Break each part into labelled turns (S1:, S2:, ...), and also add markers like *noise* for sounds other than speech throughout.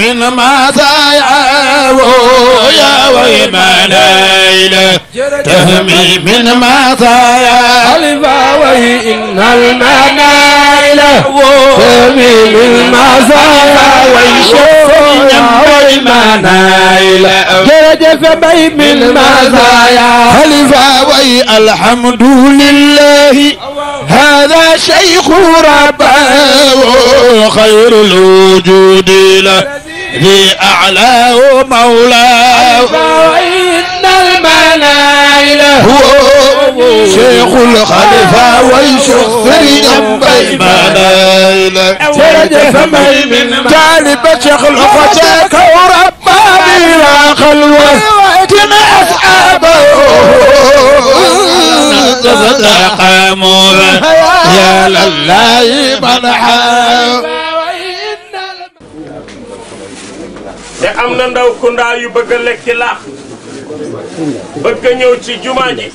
S1: من مزاياه يا ويما ليلى
S2: تهمي من
S1: مزايا الباوي إن المنايل تهمي من مزايا ويشوفنا والمنايل جرجف بي من مزايا الباوي الحمد لله هذا شيخ ربه خير الوجود له هي أعلى مولاه إن المنايل هو شيخ الخليفة ويشخ فريدا بالمنايل فرد فمي من جانب شيخ الأخوتك ورباني لا خلوة كما أصحابه تصدق مولا يا لله من حاول te am na ndaw ku ndaa yu bëgg a laax bëgg a ñëw ci jumaa ji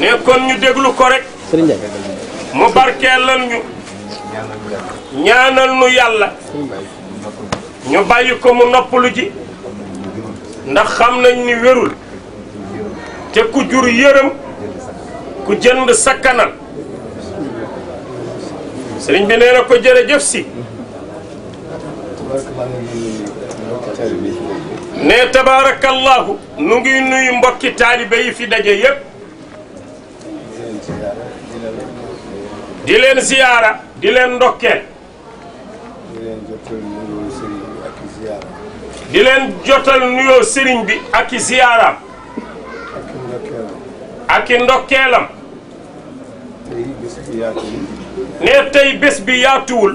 S1: ne kon ñu déglu ko rek mu barkeelal ñu ñaanal nu yàlla ñu bàyyi ko mu noppalu ji ndax xam nañ ni wérul te ku jur yërëm ku jënd sakkanal sëriñ bi nee na ko jërëjëf si ne tabaarakallaahu nu ngi nuyu mbokki taalibe yi fi daje yépp di leen ziyaara di leen ndokkeel di leen jotal nuyoo sëriñ bi ak i ziyaaram ak ndokkeelam ne tey bés bi yaatuwul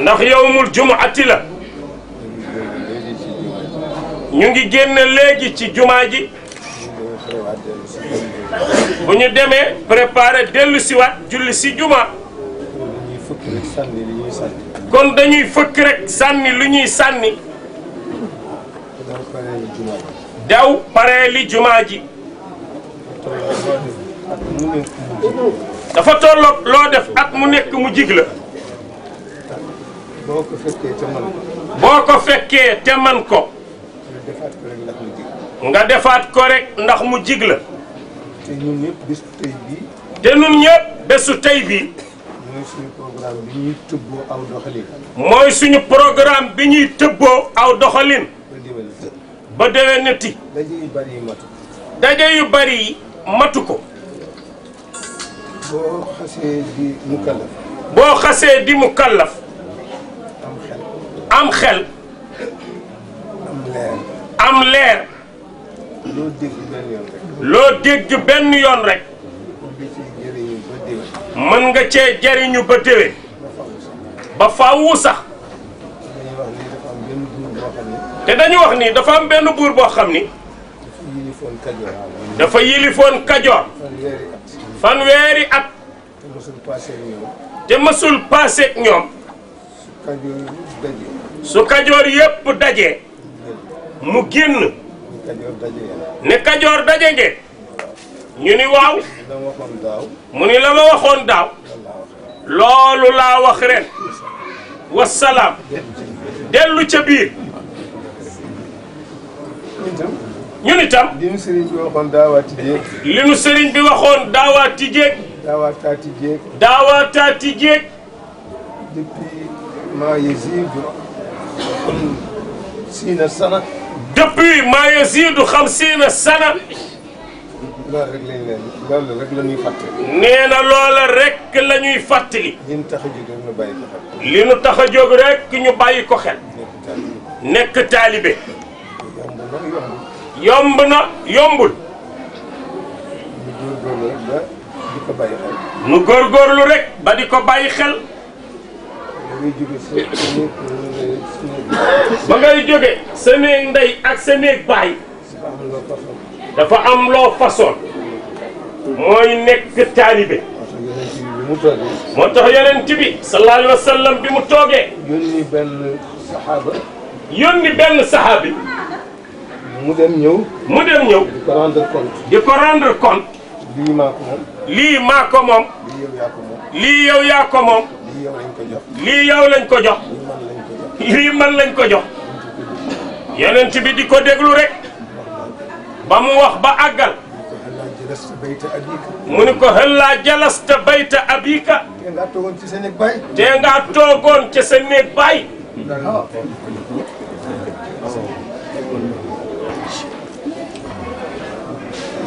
S1: ndax yowmul jumuati la ñu ngi génn léegi ci jumaa ji bu ñu demee préparé dellu si julli si juma kon dañuy fëkk rek sànni lu ñuy sànni daw paree li jumaa ji dafa tolloog loo def at mu nekk mu jig la boo ko fekkee te man ko. boo ko fekkee te man ko. nga defaat ko rekk ndax mu jig la. te ñun ñëpp bésu tey bii. mooy suñu programme bi ñuy tëbboo aw doxalin. mooy suñu programme bi ñuy tëboo aw doxalin. ba déwénati. daje yu bari yi matu. ko. boo xasee di mu kallaf. am xel. am leer. loo dégg benn yoon rek. mën nga cee jëriñu ba déwén. ba faawu sax. te dañu wax ni dafa am benn buur boo xam ni. dafa yilifoon Kajoor. fanweeri at. te mësul paase ak ñoom. su kajoor yépp daje mu génn ne kajoor daje ngeen ñu ni waaw mu ni la ma waxoon daaw loolu laa wax ren dellu ca biir ñun itam li bi waxoon daawaati li nu sëriñ bi waxoon daawaati jéeg daawaataati jéeg daawaataati jéeg depuis maa siina sana. depuis maa yaziidu xamsiina sana. loolu rek la ñuy fàttali. nee na loola rek la ñuy fàttali. li li ñu tax jóg rek ñu bàyyi ko xel. nekk taalibe. yomb na yombul. nu góorgóorlu rek ba di ko bàyyi xel. ba ngay jóge sa ndey ak sa néeg baay dafa am loo façon mooy nekk taalibe moo tax yonent bi sallallahu alayhi wa sallam bi mu toogee yónni benn saxaaba yónni mu dem ñëw mu dem ñëw di ko rendre compte ko rendre lii maa ko moom lii maa ko moom lii yow yaa moom lii yow lañ ko jox lañ ko jox lii man lañ ko jox yonent bi di ko déglu rek ba mu wax ba àggal mu ni ko xëllaa jalasta bayta abika te nga toogoon ci nga toogoon ci sa néeg baay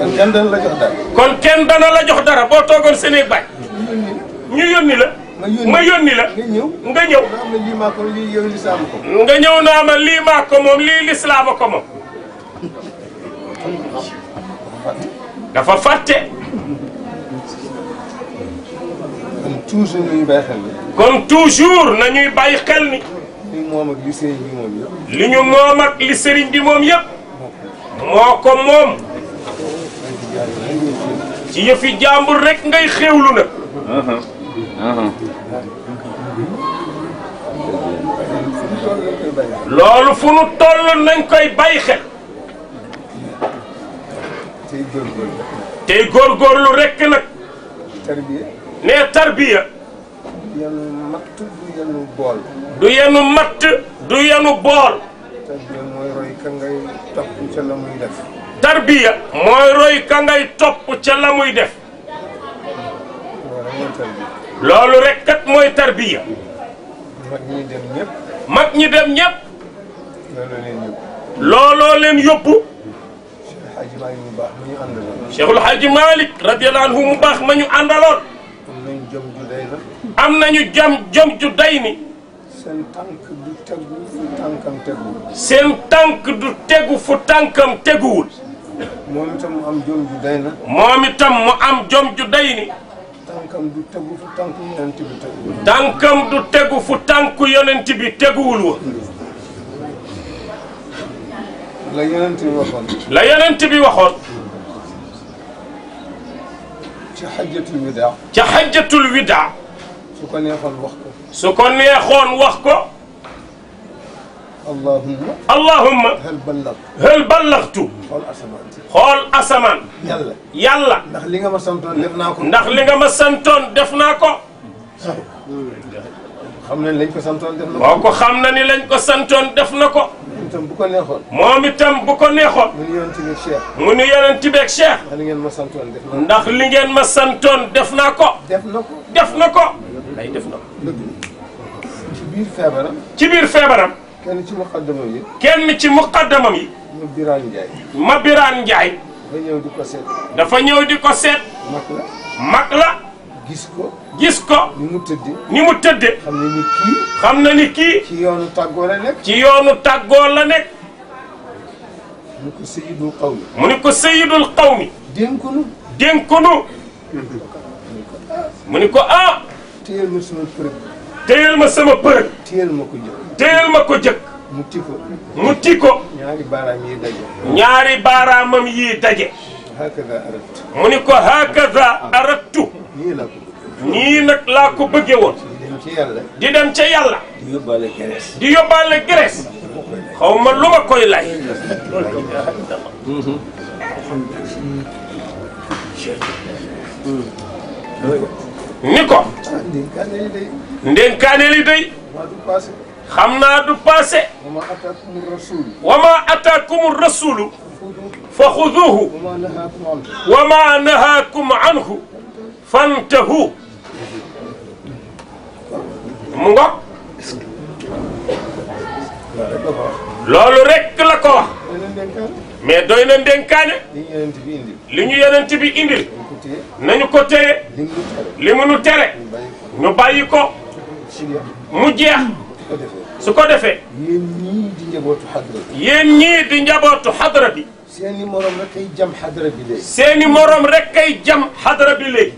S1: kon kenn dana la jox dara kon kenn dana la jox dara boo toogoon sa néeg baay ñu yónni la ma yónni la nga ñëw. nga ñëw naa ma lii maa ko moom lii lislaam a ko moom. dafa fàtte. kon toujours nañuy bàyyi xel ni. li ñu moom ak li bi moom yëpp. moo ko moom. ci yëfi jàmbur rek ngay xéwlu nag. Uh-huh. Uh-huh. loolu fu nu toll nañ koy bàyyi xel. tey góorgóorlu rekk nag. nee tarbiya. bool. du yenu mooy roy ca la mooy ngay topp ca la muy def. loolu rek kat mooy tarbiya. mag ñi dem ñëpp. mag ñi dem ñëpp. looloo leen yóbbu. looloo leen yóbbu. Cheikhul Hadji Malick radiyallahu anhu mu baax ma ñu àndaloon. am nañu jom jom jom ju day ni. seen tànk du tegu fu tànkam teguwul. seen tànk du tegu fu tànkam teguwul. moom itam mu am jom ju day na. moom itam mu am jom ju day ni. tànkam du tegu fu tànku yonent bi tegu. tànkam du tegu fu tànku yonent bi teguwul woon. la yonent bi waxoon. la yonent bi waxoon. ca xajjatul widaa. ca xajjatul widaa. su ko neexoon wax ko. su ko neexoon wax ko. allahumma allahumma hal ballaxtu hal ballaxtu xool asamaan xool asamaan yàlla yàlla ndax li nga ma santoon def naa ko ndax li nga ma santoon def naa ko xam na ni lañ ko santoon def na ko boo ko xam na ni lañ ko santoon def na ko moom itam bu ko neexoon moom itam bu ko neexoon mu nu yonent beeg cheikh mu nu yonent beeg cheikh ndax li ngeen ma santoon def naa ko ndax li ngeen ma santoon def naa ko def na ko def na ko lay def na ko ci biir feebaram ci biir feebaram kenn ci muqaddamam yi. kenn ci muqaddamam yi. ma Birane Ndiaye. ma Birane Ndiaye. dafa ñëw di ko seet. dafa ñëw di ko seet. mag la. mag la. gis ko. gis ko. ni mu tëddee. ni mu tëddee. xam na ni kii. xam na ni kii. ci yoonu tàggoo la nekk. ci yoonu tàggoo la nekk. mu ne ko sayidul xaw mi. mu ni ko sayidul xaw dénkunu. dénkunu. mu ni ko aa ah. téyel ma sama përëg. téyel ma sama përëg. téyel ma ko jël. téel ma ko jëkk. mu ti ko. mu ñaari baaraam yi daje. mu ni ko hakaza arattu. nii nii laa ko bëggee woon. di dem ca yàlla. di dem ca yàlla. ma lu ma koy lay. Mm-hmm. ni ko. Ah, ndénkaane li day. xam naa du passé. wa ma ataakumu rasulu fa xuduuhu wa ma nahaakum anhu fantahu mu ngoog loolu rek la ko wax mais doy na ndénkaane li ñu yonent bi indil nañu ko téye li mu nu tere ñu bàyyi ko mu jeex su ko defee. yéen ñii di njabootu xadra bi. yéen ñii di njabootu xadra bi. seeni morom rek kay jam xadara bi léegi. seeni moroom rek ay jam xadara bi léegi.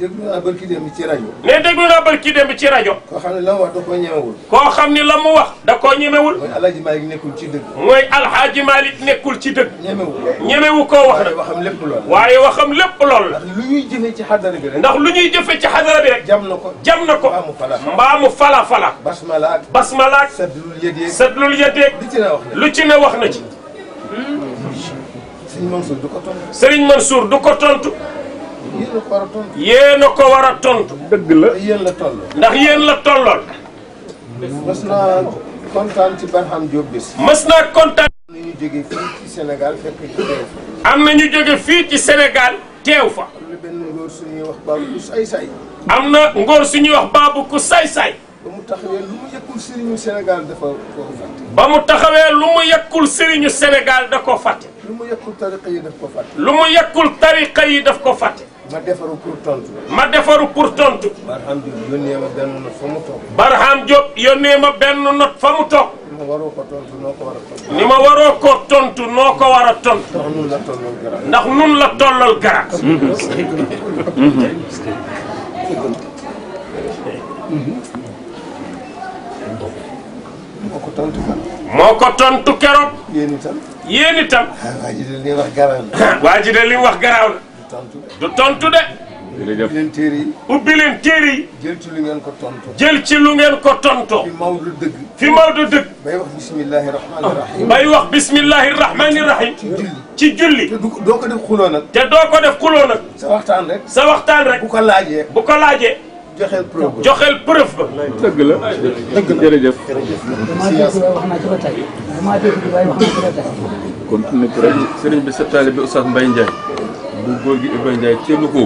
S1: déglu naa barki démb ci rajo. mais déglu naa barki bi ci rajo. koo xam ne la mu wax da koo ñemewul. koo xam ne la mu wax da koo ñemewul. mooy alhaji Malick nekkul ci dëgg. mooy alhaji Malick nekkul ci dëgg. ñemewu ko ñemewu koo wax nag. waaye waxam lépp lool. waaye waxam lépp lool la. lu ñuy jëfee ci xadara bi rek. ndax lu ñuy jëfee ci xadara bi rek. jam na ko jam na ko. mbaamu fala mbaamu fala fala. basmala ak basmala ak. sadlul yedeeg sadlul yedeeg. lu ci ne wax na ci Serigne ko tontu. Serigne Mansour du ko tontu. yéen a ko war tontu. dëgg la yéen la toll. ndax yéen la tolloon. mas ci Barham Diop bis. am na ñu jóge fii ci Sénégal teew fa. am na ñu jóge fii ci Sénégal teew fa. am na benn suñuy wax baabu ku say-say. am na ngóor suñuy wax baabu ku say-say. ba mu taxawee lu mu yëkkul Sénégal dafa ko fàtte. mu taxawee lu mu yëkkul Serigne Sénégal fàtte. lu mu yekkul tariqa yi daf ko fàtte. lu ma defaru pour tontu. ma defaru pour tontu. Barham Diop yónnee ma benn not fa mu toog. ma benn not fa mu toog. ni ma waroo ko tontu noo ko war a tontu. ni a tontu. ndax nun la tollal garaat. *laughs* moo ko tontu keroog. yéen itam. *laughs* waa ji de li wax garaaw waa ji de li wax garaaw la. du tontu de. du tontu de. jërëjëf leen téere yi. ubbi yi. jël ci lu ngeen ko tonto jël ci lu ngeen ko tontoo. fi Maodo dëgg. fi Maodo dëgg. bay wax bismillahi rahmaani ah. rahim. bay wax bismillahi rahmaani rahim. ci julli ci julli. te doo ko def xuloo te doo ko def xuloo sa waxtaan rek. sa waxtaan rek. bu ko laajee. bu ko laajee. joxeel preuve ba joxeel preuve ba. dëgg la dëgg la jërëjëf. jërëjëf wax naa ci ba tey damaa déglu waaye wax naa ci ba tey. kon nag rek sëriñ bi sa taalibe Oustaz Mbaye Ndiaye bu góor gi Ibrahima Ndiaye teelu ko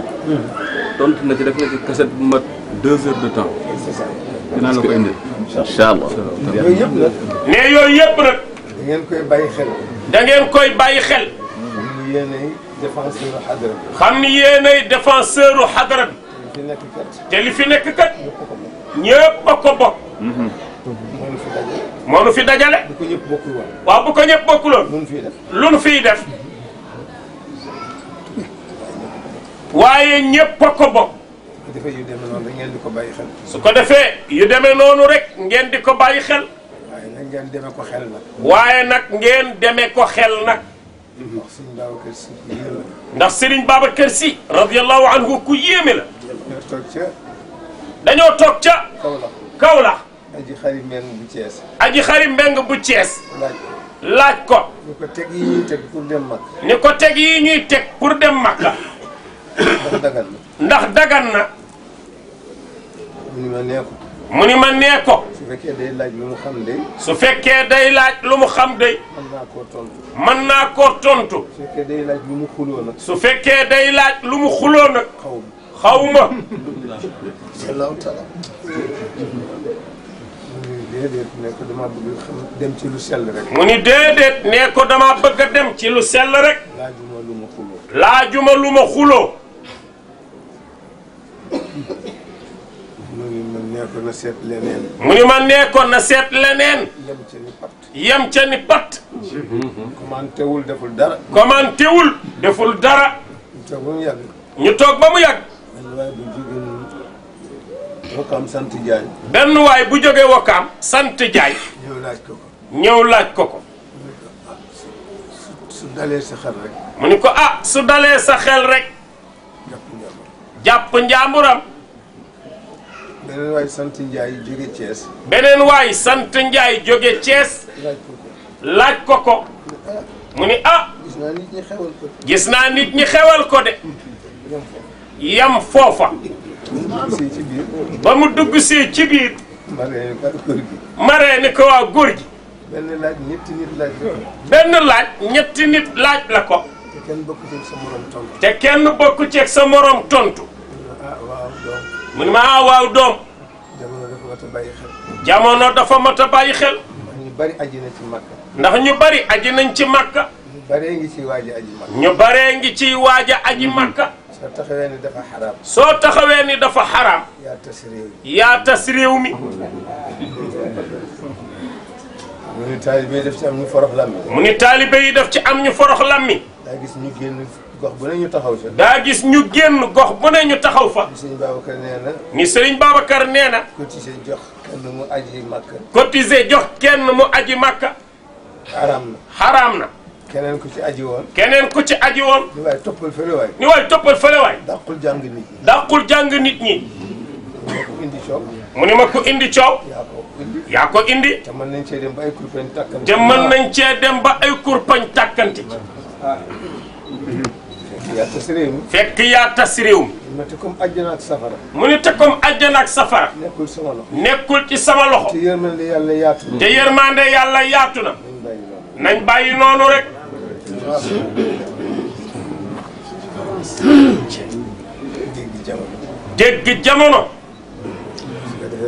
S1: tontu na ci def na ci kaset bu mat deux heures de temps. dinaa la ko indi. incha allah yooyu yëpp nag. mais yooyu yëpp nag. da ngeen koy bàyyi xel. da ngeen koy bàyyi xel. yéenay défenseur xadara bi. xam ni yéenay défenseur xadara bi. fi nekk kat. fi nekk kat. ñëpp bokk ko bokk. Mhm. moo fi dajale. moo nu fi dajale. bu ko ñëpp bokkul bu ko ñëpp bokkuloon. lu nu fiy def fiy def. waaye ñëpp bokk ko bokk. su ko defee yu demee noonu rek ngeen di ko bàyyi xel. su ko defee yu demee noonu rek ngeen di ko bàyyi xel. waaye nag ngeen demee ko xel nag. waaye nag ngeen demee ko xel nag. ndax Serigne Babacar Sy. radiyallahu anhu ku yéeme toog ca. dañoo toog ca. Kaolack Kaolack. aji xari mbeng bu Thiès. aji xari mbeng bu Thiès. laaj ko ko. ni ko teg yi ñuy teg pour dem Makka. ko teg yi teg pour dem Makka. ndax dagan na. ndax dagan na. mu ni ma nee ko. nee ko. su fekkee day laaj lu mu xam de. su fekkee day laaj lu mu xam de. mën naa koo tontu. mën naa koo tontu. su fekkee day laaj lu mu xuloo nag. su fekkee day laaj lu mu xuloo nag. xaw xawma ne ko dama bëgg xam dem ci lu sell rek. mu ni déedéet ko dama bëgg a dem ci lu sell rek. laajuma lu lu ma xuloo. mu ni man nee mu ni man seet leneen. yem ca ni pat. deful dara. commenté wul deful dara. ñu toog ba mu yàgg. waay bu jógee Wakaam sant Jaay. benn waay bu jógee Wakaam. sant Jaay. ñëw laaj ko ko. laaj ko ko. su dalee sa xel rek. mu ni ko ah su dalee sa xel rek. jàpp njàmburam. beneen waay sant Njaay jóge Thiès. waay sant Njaay jóge Thiès. laaj ko ko. mu ni ah. gis naa nit ñi xewal xewal ko de. yam foofa ba mu dugg see ci biir maree ni ko waa góor gi benn laaj ñetti nit laaj la ko laaj ñetti nit laaj la ko te kenn bokku ceeg sa morom tontu sa morom tontu ah, mu ne ma ah waaw doom jamono dafa mat xel ndax ñu bari aji nañ ci màkka ndax ñu bari aji nañ ci màkka ñu baree ngi ciy waaja aji màkka soo taxawee ni dafa xaraam. soo taxawee ni dafa xaraam. yaa tas réew mi yaa tas réew mi. mu ni taalibe yi def ci am ñu forox lammi. ni taalibe yi def ci am ñu forox lammi. daa gis ñu génn gox bu ne ñu taxaw fa. daa gis ñu génn gox bu ne ñu taxaw fa. ni Serigne Babacar nee na. ni Serigne nee na. cotiser jox kenn mu aji makka. cotiser jox kenn mu aji makka. xaraam na. keneen ku ci aji woon. keneen ku ci aji woon. ni waay toppal fële waay. ni waay toppal fële waay. jàng nit ñi. jàng nit ñi. mu ne ma ko indi coow. yaa indi. te mën nañ cee dem ba ay kurpañ tàkkanti. te mën nañ cee dem ba ay kurpañ tàkkanti. Ah. fekk yaa tas réew mi. te comme àjjana safara. mu ne te comme àjjana ak safara. nekkul sama loxo. ci sama loxo. te yërmande yàlla yaatu na. yàlla yaatu na. nañ bàyyi noonu rek. dégg jamono.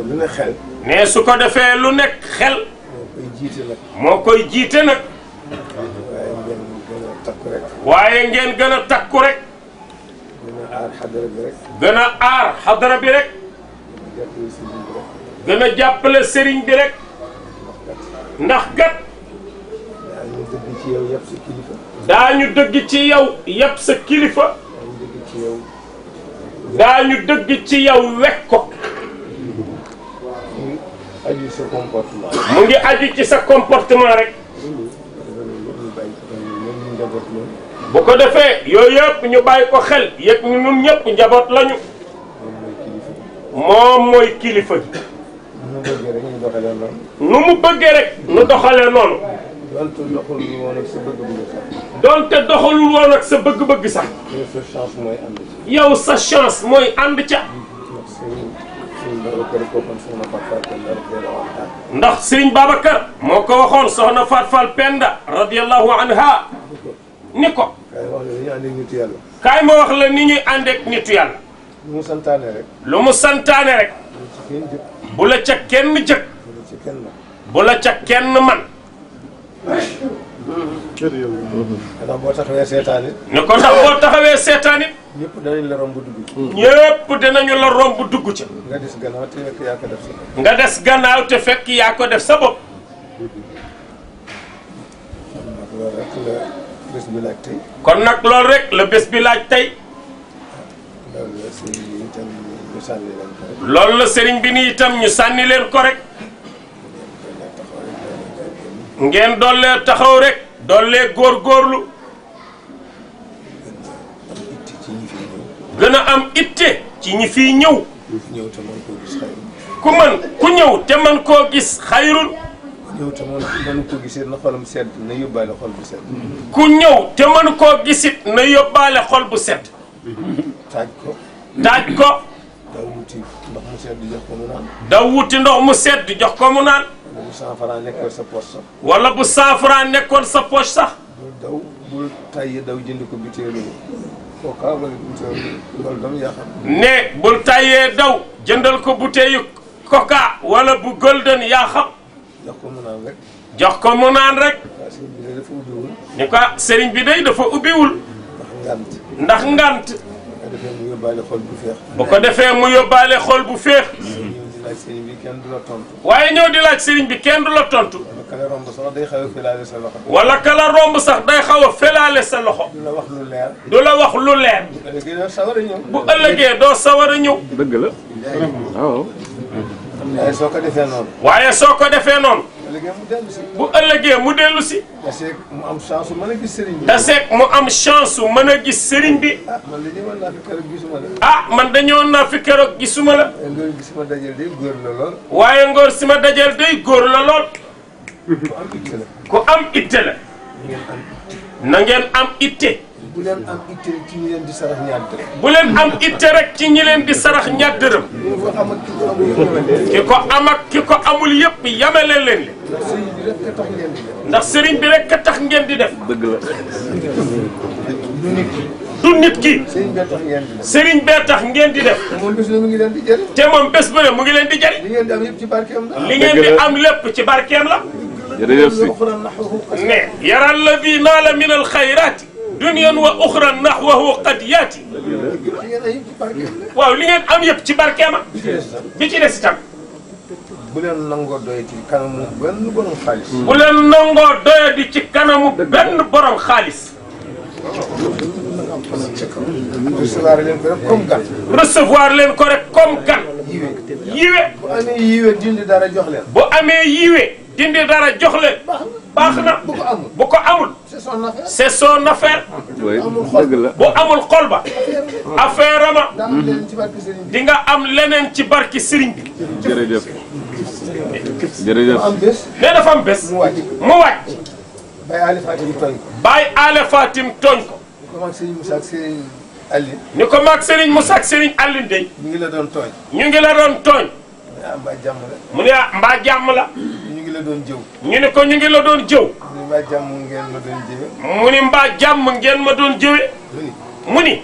S1: dégg su ko defee lu nekk xel. moo koy jiite nag. waaye ngeen gën a takku rek. gën a aar xadara bi rek. gën a jàppale sëriñ bi rek. ndax gat. daa ñu dëgg ci yow yàpp sa kilifa daa ñu dëgg ci yow wekk ko mu ngi aju ci sa comportement rek bu ko defee yooyu yëpp ñu bàyyi ko xel yëpp ñu ñun ñëpp njaboot lañu moom mooy kilifa gi nu mu bëggee rek ñu doxalee noonu. donte doxalul woon ak sa bëgg-bëgg sax. yow sa chance mooy ànd ca. ndax Serigne Babacar. moo ko waxoon soxna Faat Fall Penda. radiyallahu anha ni ko. kaay ma wax la ni ñuy ànd ak nitu yàlla. lu mu santaane rek. bu la ca kenn jëkk. bu la ca kenn man. xanaa boo taxawee ko ndax boo taxawee seetaan it. ñëpp danañ la romb dugg ci. ñëpp danañu la romb dugg ci. nga des gannaaw te fekk yaa ko def sa bopp. nga des gannaaw te fekk yaa def sa bopp. kon nag lool rek la bés bi laaj tey. loolu la sëriñ bi nii itam ñu sànni leen ko rek. ngeen dollee taxaw rek dollee góorgóorlu gën a am itte ci ñi fi ñëw ku mën ku ñëw te man koo gis xayrul ñëw te mënu ko gisit na xolam sedd na yóbbaale xol bu sedd ku ñëw te mënu koo gisit na yóbbaale xol bu set taaj ko taaj ko ndox mu sedd daw wuti ndox mu sedd jox ko mu naan. wala bu saafara nekkoon sa poche sax. bu saafara nekkoon sa poche sax. bul daw bul ne bul tàyyee daw jëndal ko butéeyu koka wala bu golden yaa xam. jox ko mu naan rek. jox ko mu naan rek. ni ko sëriñ bi day dafa ubbiwul. ndax ngant. ndax ngant. ko defee mu yóbbaale xol bu bu ko defee mu yóbbaale xol bu féex. laaj la tontu. waaye ñëw di laaj sëriñ bi kenn du la tontu. wala kala romb sax day xaw a felaale sa loxo. wala kala romb sax day xaw a felaale sa loxo. du la wax lu leer. la wax lu leer. bu ëllëgee doo sawar a ñëw. bu ëllëgee doo sawar a ñëw. la. waaw. waaye soo ko defee noonu. waaye soo ko defee noonu. bu ëllëgee mu dellu si. taseeg mu am chance su mën a gis sëriñ bi. taseeg mu am chance su mën a gis sëriñ bi. ah man dañoo naa ah, man dañoo naa fi keroog gisuma la. Eh, ngóor si ma dajal day góor la waaye ngóor si ma dajal day góor la lool. ku am itte la. ku ngeen am itte. bu leen am itte rek ci ñi di sarax ñaar bu leen am itte rek ci ñi leen di sarax ñaar dërëm. ki ko am ak ki ko amul yëpp yamale leen leen. ndax sëriñ bi rek a tax ngeen di def. dëgg la. du nit ki. sëriñ bee tax ngeen di def. sëriñ bee ngeen di def. te moom bés ba mu ngi leen di jëriñ. te moom bés ba mu ngi leen di jëriñ. li ngeen di am lépp ci barkeem la. li ngeen di a lépp ci barkeem dunyan wa uxra naxwahu qad yaati waaw li ngeen am yëpp ci barkeema bi ci des bu leen nangoo doye ci kanamu benn borom xaalis bu leen nangoo doye ci kanamu benn borom xaalis yiwe bu amee yiwe dindi dara jox bu amee yiwe dindi dara jox baax na. bu ko amul bu ko amul. c'est son affaire c'est son affaire. amul xol ba. ma. di nga am leneen ci barki sëriñ bi. jërëjëf jërëjëf. mais dafa am bés. mu wàcc. Baye Allé Fatim tooñ ko. Baye ko. ni ko maag Serigne Moussa ak Serigne ni ngi la doon tooñ. ñu ngi la doon ah, la. la doon jëw. ne ko ñu ngi la doon jëw. mu ni mbaa jàmm ngeen ma doon jëwe. mu ni ngeen ma doon jëwe. mu ni.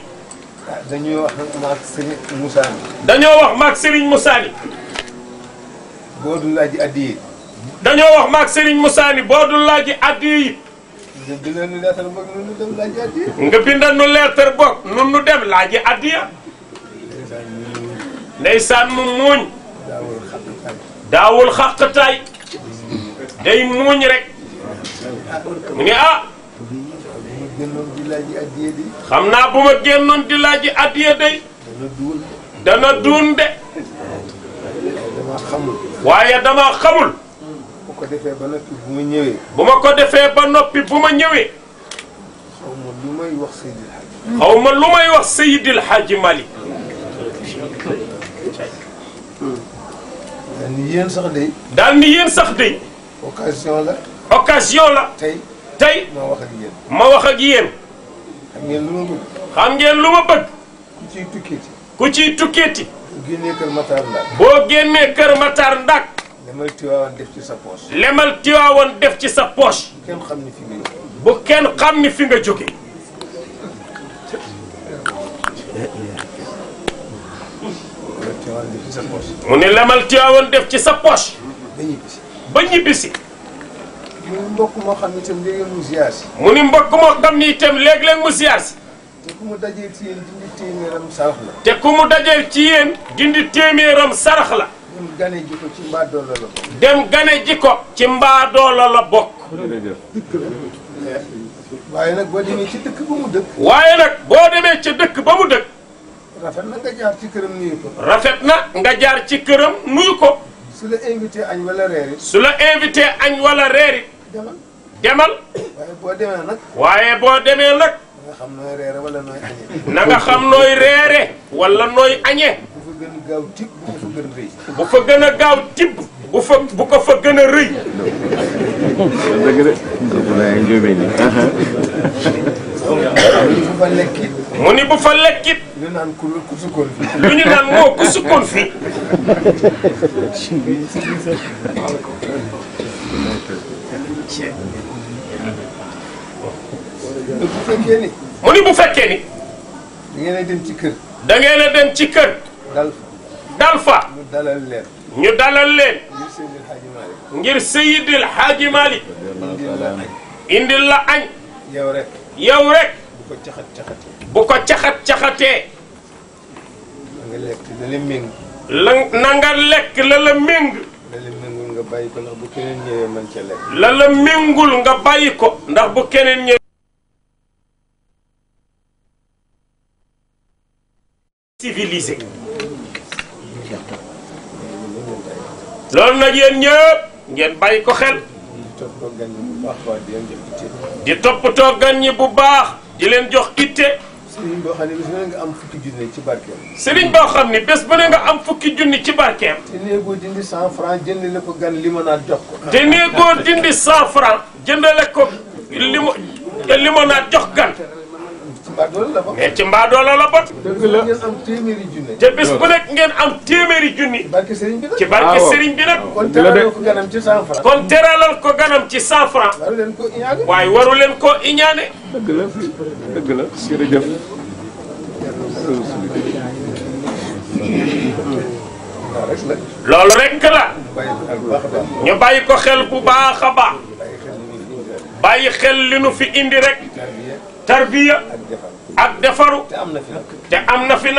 S1: Ah, dañoo wax maak Serigne Moussa mi. dañoo wax maak Serigne Moussa mi. boo dul laaj addi dañoo wax maak Serigne mu mi boo dul laaj addi yi. nga bindal nu leetar boog nun nu dem laaj addi ya. nga mu muuñ. daawul xaqtaay. day muuñ rek mu ne ah xam naa bu ma génnoon di laaj addiya day dana duun de waaye dama xamul bu ko defee ba noppi bu ma ñëwee bu ma ko defee ba noppi bu ma ñëwee xaw ma lu may wax Seydil Hadji xaw ma daal ni yéen sax day occasion la. occasion la. tey tey. ma wax ak yéen. ma wax ak yéen. xam ngeen lu ma bëgg. xam ngeen lu ma bëgg. boo génnee kër Matar Ndak. boo génnee kër Matar Ndak. lemal Tiwaawan def ci sa poche. lemal Tiwaawan def ci sa poche. bu kenn xam ni fi nga jógee. ba ñibbisi. mu ni mbokk moo xam ne itam léeg-léeg mu ziar si. mu ni mbokk moo xam ni itam léeg mu ziar si. te ku mu dajeel ci yéen dindi téeméeram sarax la. te ku mu dajeel ci yéen dindi téeméeram sarax la. dem gane ji ko ci mbaa doola la bokk. nag boo ci dëkk ba waaye nag boo demee ca dëkk ba mu dëkk. rafet na nga jaar ci këram nuyu ko. rafet na nga jaar ci këram nuyu ko. su la invité añ wala reer it. su la invité añ wala reer demal demal. waaye boo demee nag. waaye demee nag. xam nooy reere wala nooy añee. na nga xam nooy reere wala nooy añee. bu fa gën a gaaw tibb bu fa gën a rëy. bu fa gën a gaaw tibb. bu fa bu ko fa gën a rëy. mu ni bu fa lekkit. mu ni bu fa lekkit. lu ñu naan ku sukkoon fi. lu ñu naan moo ku sukkoon fi. bu fekkee ni. mu ni bu fekkee ni. da ngeen a dem ci kër. da ngeen a dem ci kër. dal fa. dal fa. ñu dalal leen. ñu dalal leen. ngir Seydil Hadji Malick. ngir Seydil Hadji Malick. indil la añ. yow rek. yow rek. bu ko caxat caxatee. bu ko caxat caxatee. lekk la la méng. lekk lala la méng. la nga bàyyi ko ndax bu keneen ñëwee mën ca lekk. la la méngul nga bàyyi ko ndax bu keneen ñëwee. civilisé. loolu nag yéen ñëpp ngeen bàyyi ko xel. di toppatoo gan ñi bu baax di leen jox itte. sëriñ boo xam ne bés bu nga am fukki junni ci barkeem. sëriñ boo xam ne bés bu nga am fukki junni ci barkeem. te néegoo dindi cent franc jëndale ko gan limonade jox ko. te néegoo dindi cent franc jëndale ko limo limonade jox gan. ci mbaadoola la ci mbaadoola la bokk. dëgg la ngeen te bés bu nekk ngeen am téeméeri junni. ci barke Serigne bi nag ci barke Serigne bi nag. kon teralal ko ganam ci 100 francs. kon leen ko iñaane. waaye waru leen iñaane. dëgg la dëgg la jërëjëf. loolu rek la. ñu bàyyi ko xel bu baax a baax. bàyyi xel li nu fi indi rek. tarbiya ak defaru te am na fi nag te am na fi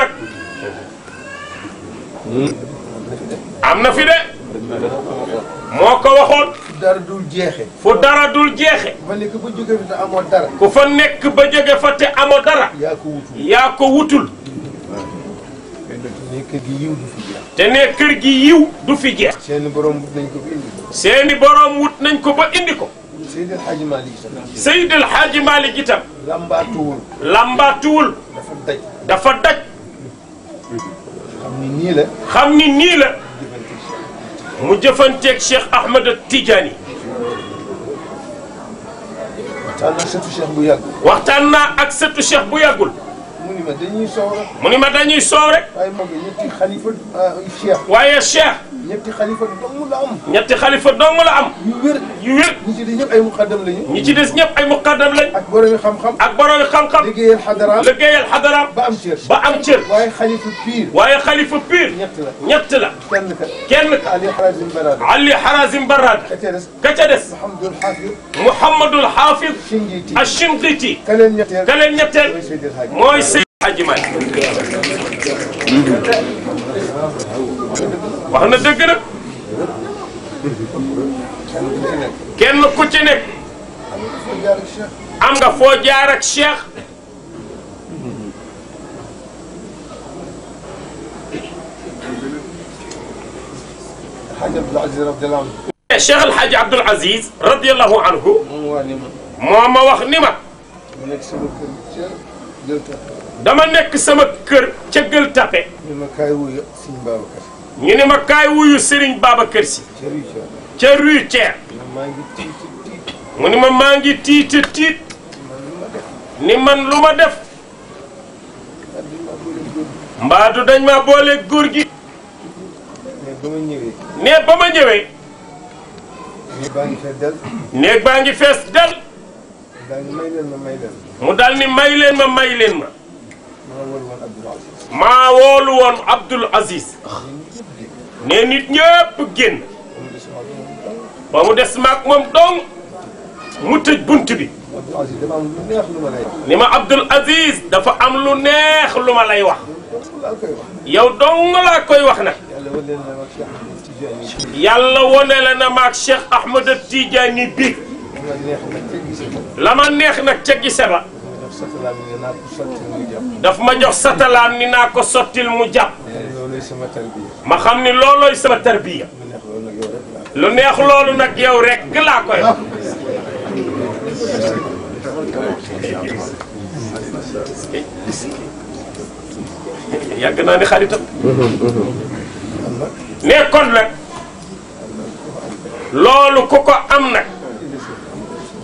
S1: am na fi de moo ko waxoon fu dara dul jeexe ku fa nekk ba jóge fa te amoo dara nekk ba jóge fa te amoo dara yaa ko wutul ko wutul te ne kër gi yiw du fi jeex seeni borom nañ ko ba indi ko wut nañ ko ba indi ko Seydil Hadji Malick itam. Seydil Hadji Malick itam. lambaatuwul. dafa daj. xam ni nii la. xam ni nii la. mu jëfanteeg Cheikh Ahmed Tidiane. waxtaan naa ak sëtu Cheikh bu waxtaan naa ak sëtu Cheikh bu yàggul. mu ni ma dañuy soow rek. ñetti xalifa dong la am. ñetti xalifa dong la am. yu wér yu wér. ñi ci des ñëpp ay muqaddam lañu. ñi ci des ñëpp ay muqaddam lañ. ak boromi xam-xam. ak boromi xam-xam. liggéeyal xadaraam liggéeyal xadaraam. ba am cër ba am cër. waaye xalifa pire. waaye xalifa pire. ñett la ñett la. kenn ka kenn ka. Ali Harazim Barad. Ali Harazim Barad. ka ca des ka ca des. Mouhamadul Hafiz. Mouhamadul Hafiz. Shingiti Ashingiti. ka leen ñetteel ka leen ñetteel. mooy Seydi Hadji Malick wax na dëgg nag kenn ku ci nekk am nga foo jaar ak cheikh eh, cheikh alxaaji abdul aziz radiallahu anhu moo ma wax ni ma dama nekk sama kër ca gël tape ni ma kaay wuyu sëñ Babacar ñu ne ma kaay wuyu Serigne Babacar Sy ca Rue Thiers mu ni ma maa ngi tiita tiit ni man lu ma def mbaadu dañ ma boole góor gi nee ba ma ñëwee néeg baa ngi fees del mu daal ni may leen ma may leen ma maa woolu woon Abdoul Aziz ne nit ñëpp génn ba mu des maag moom dong mu tëj bunt bi ni ma Abdoul Aziz dafa am lu neex lu ma lay wax yow dong laa koy wax nag yàlla wone la na maag Cheikh Ahmed Tidiane bi la ma neex nag ca gise ba daf ma jox satalaan ni naa ko sottil mu jàpp. ma xam ni loolooy sama tarbiya. lu neex loolu nag yow rekk laa koy wax. yàgg naa ni xaritam. ne kon nag loolu ku ko am nag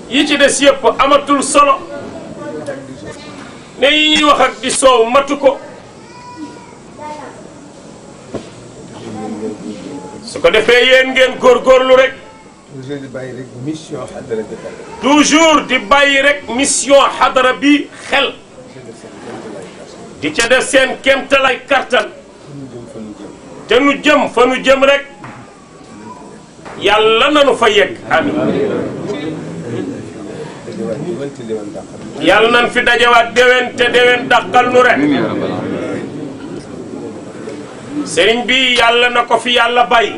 S1: yi ci des yëpp amatul solo. ne yi di soow matu ko su ko defee yéen ngeen góorgóorlu rek. toujours di bàyyi rek mission xadara bi xel. di bàyyi rek mission xadara bi xel. di ca def seen kéemtalaay kartan. te nu jëm fa nu jëm rek. yàlla na nu fa yegg. amiin. yàlla nañ fi dajawaat déwén te déwén dàqal nu ren sëriñ bi yàlla na ko fi yàlla bay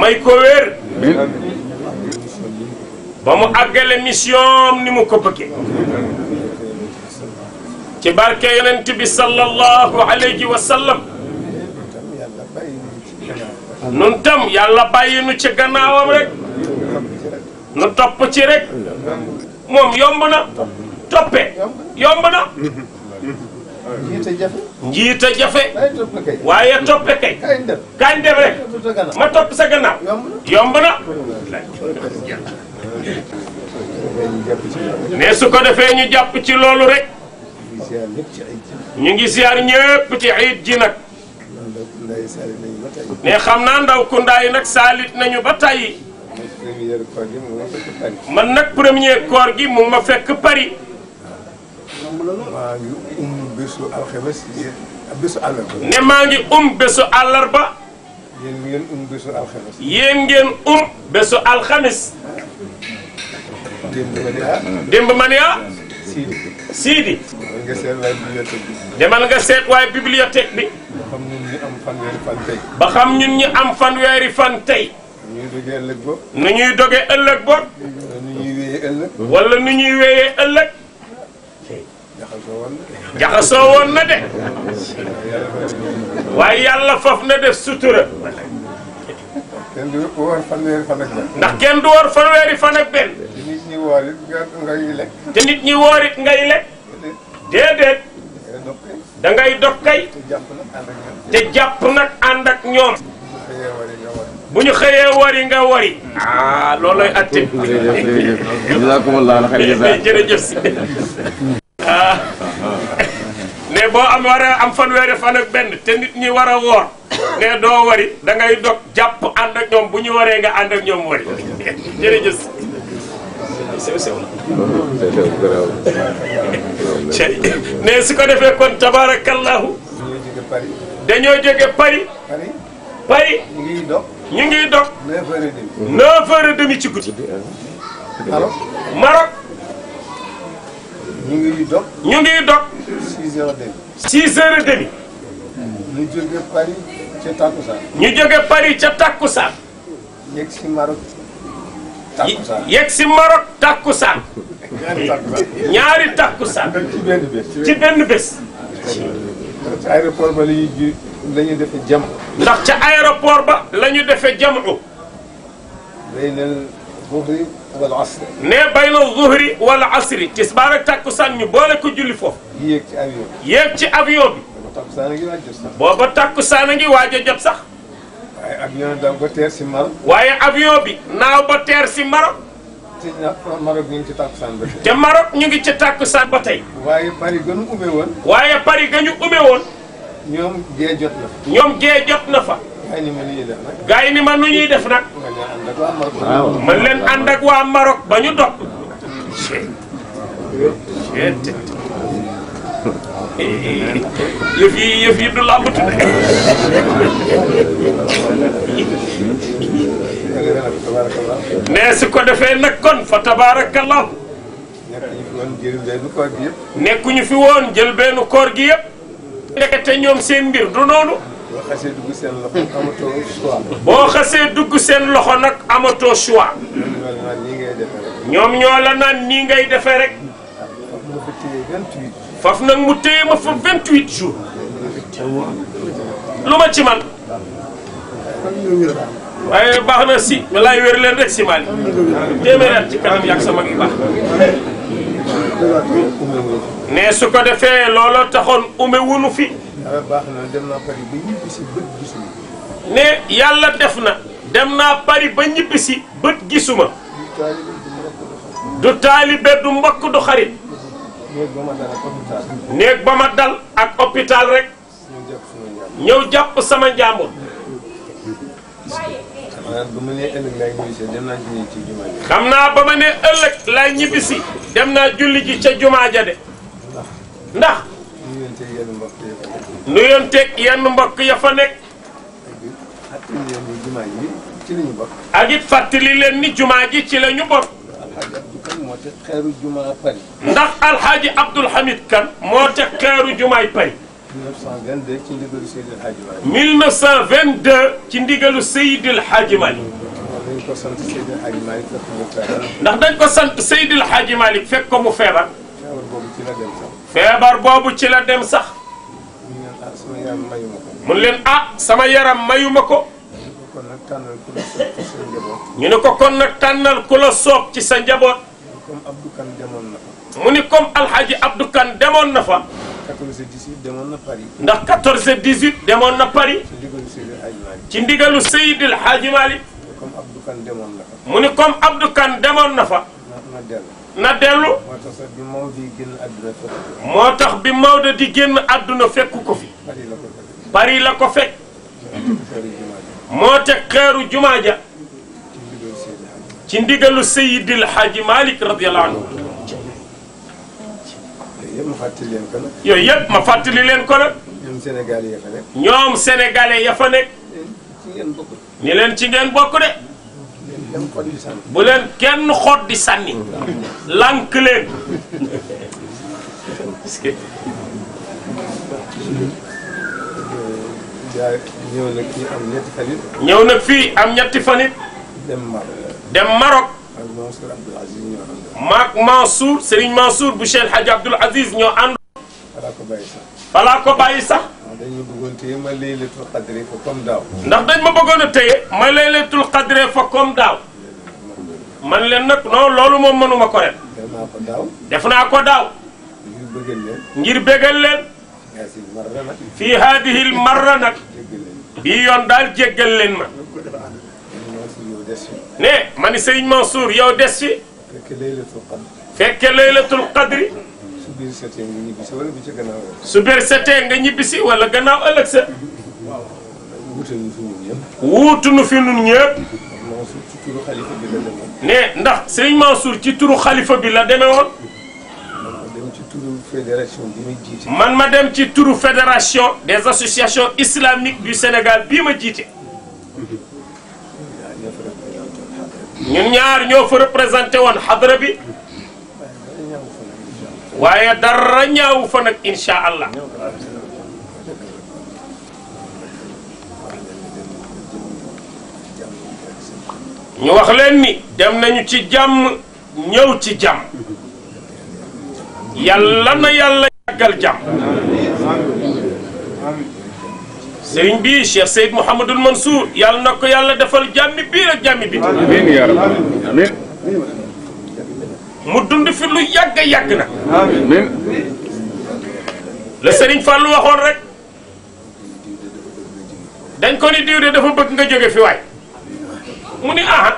S1: may ko wér ba mu àggale mission ni mu ko bëggee ci barke yonent bi sallallahu alayhi wa nun tam yàlla bàyyi nu ci gannaawam rek nu topp ci rek moom yomb na toppe yomb na njiite jafe jafe waaye toppe kay kañ dem rek ma topp sa gannaaw yomb na ne su ko defee ñu jàpp ci loolu rek ñu ngi siyaar ñëpp ci iid ji nag ne xam naa ndaw kundaay nag saalit nañu ba tàyyi premier koor gi mu ma man nag premier koor gi mu ma fekk Paris. Um ne maa ngi um bésu àllarba. yéen ngeen um bésu alxames. yéen ngeen um bésu alxames. démb ma ne ah. démb ma ne ah. ba xam ñun ñu am fanweeri fan tey. ba xam ñun ñu am fanweeri fan tey. ñuy dogee ëllëg bopp. nu ñuy dogee ëllëg bopp. nu ñuy wéyee ëllëg. wala nu ñuy wéyee ëllëg. jaxasoo woon na de. waaye yàlla faf na def sutura. kenn du ndax kenn du war fanweeri fan ak benn. te nit ñi woor ngay lekk. déedéet. da dog kay. te jàpp nag ànd ak ñoom. bu ñu xëyee wari nga wari. ah loolooy atte. *laughs* jërëjëf jërëjëf ah. si. ne boo am war a am fanweeri fan ak benn te nit ñi war a woor ne doo wari dangay dog jàpp ànd ak ñoom bu ñu waree nga ànd ak ñoom wari *laughs* jërëjëf si. sew sew ne su ko defee kon tabarakallahu dañoo jege Paris. Paris. ñu ngi dog. 9h30 ci guddi. Maroc. Maroc. ñu ngi dog. ñu ngi dog. 6h30. 6h30. ñu jóge Paris ca Takusaan. ñu jóge Paris ca Takusaan. yegg si si Maroc Takusaan. ñaari Takusaan ñaari Takusaan. ci benn bés. la defe defee ndax ca aéroport ba la ñu defee jamu bayna zuhri wal asri ne bayna zuhri wal asri tisbaar ak takkusaan ñu boole ko julli foofu yéeg ci avion bi yéeg ci avion bi booba takkusaan a ngi waaj jot sax waaye avion daaw si Maroc waaye avion bi naaw ba teer si Maroc te Maroc ñu ngi ci takkusaan ba tey te ñu ngi ci takkusaan ba tey waaye Paris ga ñu ume woon waaye Paris ga ñu ume woon ñoom gee jot na ñoom gee jot na fa. gaay ni ma nu ñuy def nag. gaay ni ma nu ñuy def nag. leen ànd waa Maroc ba ñu dog. yëf yi yëf yi ko defee nag kon fa tabaarakallah nekkuñu fi woon jël benn koor gi yëpp. nekkuñu fi woon jël benn koor gi ndekete ñoom seen mbir du noonu. boo xasee dugg seen loxo amatoo choix. boo xasee dugg seen loxo nag amatoo choix. ñoom ñoo la naan nii ngay defee rek. faf nag mu téye ma fa 28 jours. lu ma ci man. waaye baax na si. walaay wér leen rek si Mali. téeméer at ci kanam yàgg sa mag yi baax. ne su ko defee loola taxoon umewunu fi. na dem naa ne yàlla def na. dem naa Paris ba ñibbisi bët gisuma. du taalibe du mbokk du xarit. néeg ba ma dal ak hôpital rek. ñëw jàpp sama njàmbur. xam naa ba ma ne ëllëg lay ñibbisi dem naa julli ji ca jumaa ja de. ndax. nuyonteeg yenn mbokk ya fa nekk. ak it fàttali leen ni jumaa ji ci la ñu bokk. ndax alxaaji Abdul Hamid Kan moo teg xeeru jumaay Paris. 1922 ci ndigalu Seydil Hadji Malick. 1922 ci ndigalu Seydil Hadji Malick. ndax dañ ko sant Seydil Hadji Malick fekk ko mu feebar. feebar boobu ci la dem sax. mu ne leen ah sama yaram mayu ma ko. ñu ne ko kon nag tànnal ku la ci sa njaboot. mu ne comme Alxaaji Abdou Kan demoon na fa. 14 18 demoon na Paris. ndax 14 demoon na Paris. ci ndigalu Seydil Xaaji Maalik. mu ni comme Abdou mu ni comme Abdou Kan demoon na fa. na dellu. moo tax sax bi Maodo di génn àdduna fekk ko. moo tax bi Maodo di génn àdduna fekk ko fi. bari la ko fekk. moo teg xeeru jumaa ja ci ndigalu Seydil Hadji Malick radiyallahu anhu. yooyu yëpp ma fàttali leen ko nag. ñoom sénégalais ya fa nekk. ñoom sénégalais ya fa nekk. ni leen ci ngeen bokk de. bu leen kenn xot di sànni lànk leen ñëw nag fii am ñetti fan it. ñëw dem Maroc. dem Maroc. maak Mansour Serigne bu Cheikh Hadj Abdoul Aziz ñoo ànd. falaa ko bàyyi sax. dañu bëggoon téye ma laylatul qadri fa comme daaw. ndax dañ ma bëggoon a téye ma laylatul qadri fa comme daaw. man leen nag non loolu moom mënuma ko ren. def naa ko daaw. def naa ko daaw. ngir bëggal leen. ngir bëggal leen. fii haadihil marra bii yoon daal jéggal leen ma. ne ma ni sëñ Mansour yow des fi. fekke laylatul qadri. fekke laylatul qadri. biir setee nga ñibbisi wala bi ca gannaaw wala gannaaw ëllëg sa. waaw. nu fi ñun ñëpp. ne ndax sëñ Mansour ci turu xalifa bi la demee woon. man ma dem ci turu fédération des associations islamiques du Sénégal bii ma jiite. ñun ñaar ñoo fa représenté woon xadra bi. waaye dara ñaawu fa nag allah ñu wax leen ni dem nañu ci jàmm ñëw ci jàmm yàlla na yàlla yàggal jàmm sëriñ bi Cheikh Seyd Mouhamadul Mansour yàlla na ko yàlla defal jàmmi biir ak jàmmi biti amiin yaa rabbi mu dund fi lu yàgg yàgg na. amiin la Serigne Fallou waxoon rek dañ ko ni diw de dafa bëgg nga jóge fi waay mu ni aha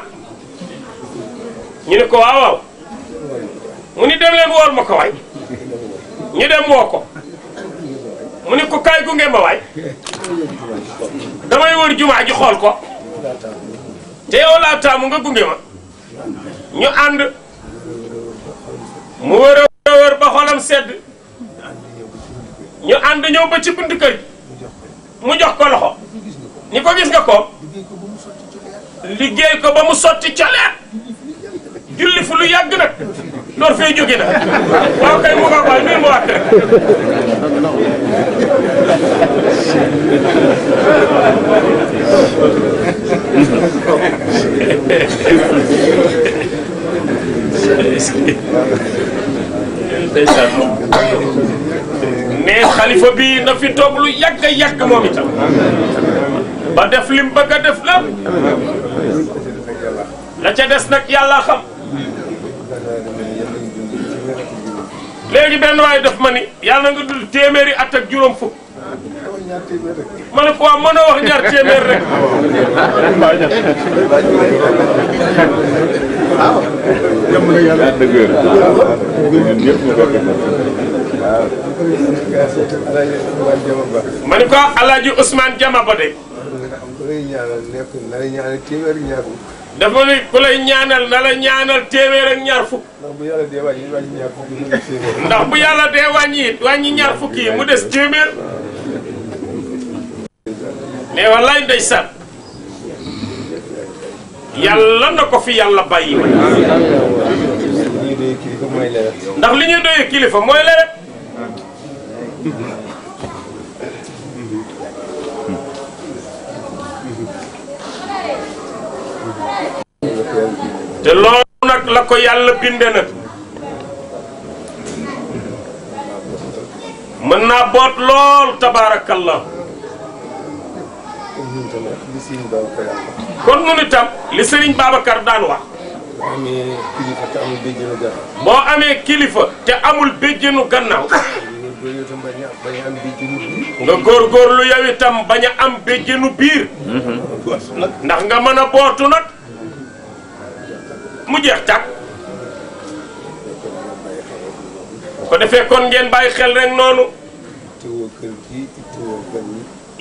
S1: ñu ne ko waaw waaw mu ni dem leen wool ko waay ñu dem woo ko mu ni ko kaay gunge ma waay damay wër jumaa ji xool ko te yow laa taamu nga gunge ñu ànd. mu wër a wër ba xolam sedd ñu ànd ñëw ba ci mu jox ko loxo ni ko gis nga ko liggéey ko ba mu sotti coleet julli fu lu yàgg nag door fee jóge na waaw kay mu nga waay nuyu ma waat rek *laughs* ne xalifa bi na fi toog lu yàgg a yàgg moom itam ba def lim bëgg def lépp la ca des nag yàlla xam léegi benn waaye def ma ni yàlla nga dund téeméeri at ak juróom fukk ma ne ko waaw wax ñaar téeméer rek ak dëgg yàlla ñun ñëpp ñu ko. ma ne ko Alaaji Ba de. ñaar fukk. ndax bu yàlla dee wàññi wàññi ñaar yi ñaar fukk mu des téeméer. mais wallaay ndeysaan. yàlla na ko fi yàlla bàyyi ma ndax li ñuy doyee kilifa mooy leret te loolu nag la ko yàlla binde nag mën naa boot lool tabaarakallah kon nun itam li sëriñ Babacar daan wax. boo amee kilifa te amul béjjénu gannaaw. boo góor kilifa te yow itam bañ a am béjjénu biir. ndax nga mën a bootu nag mu jeex tàkk. ko defee kon ngeen bàyyi xel rek noonu.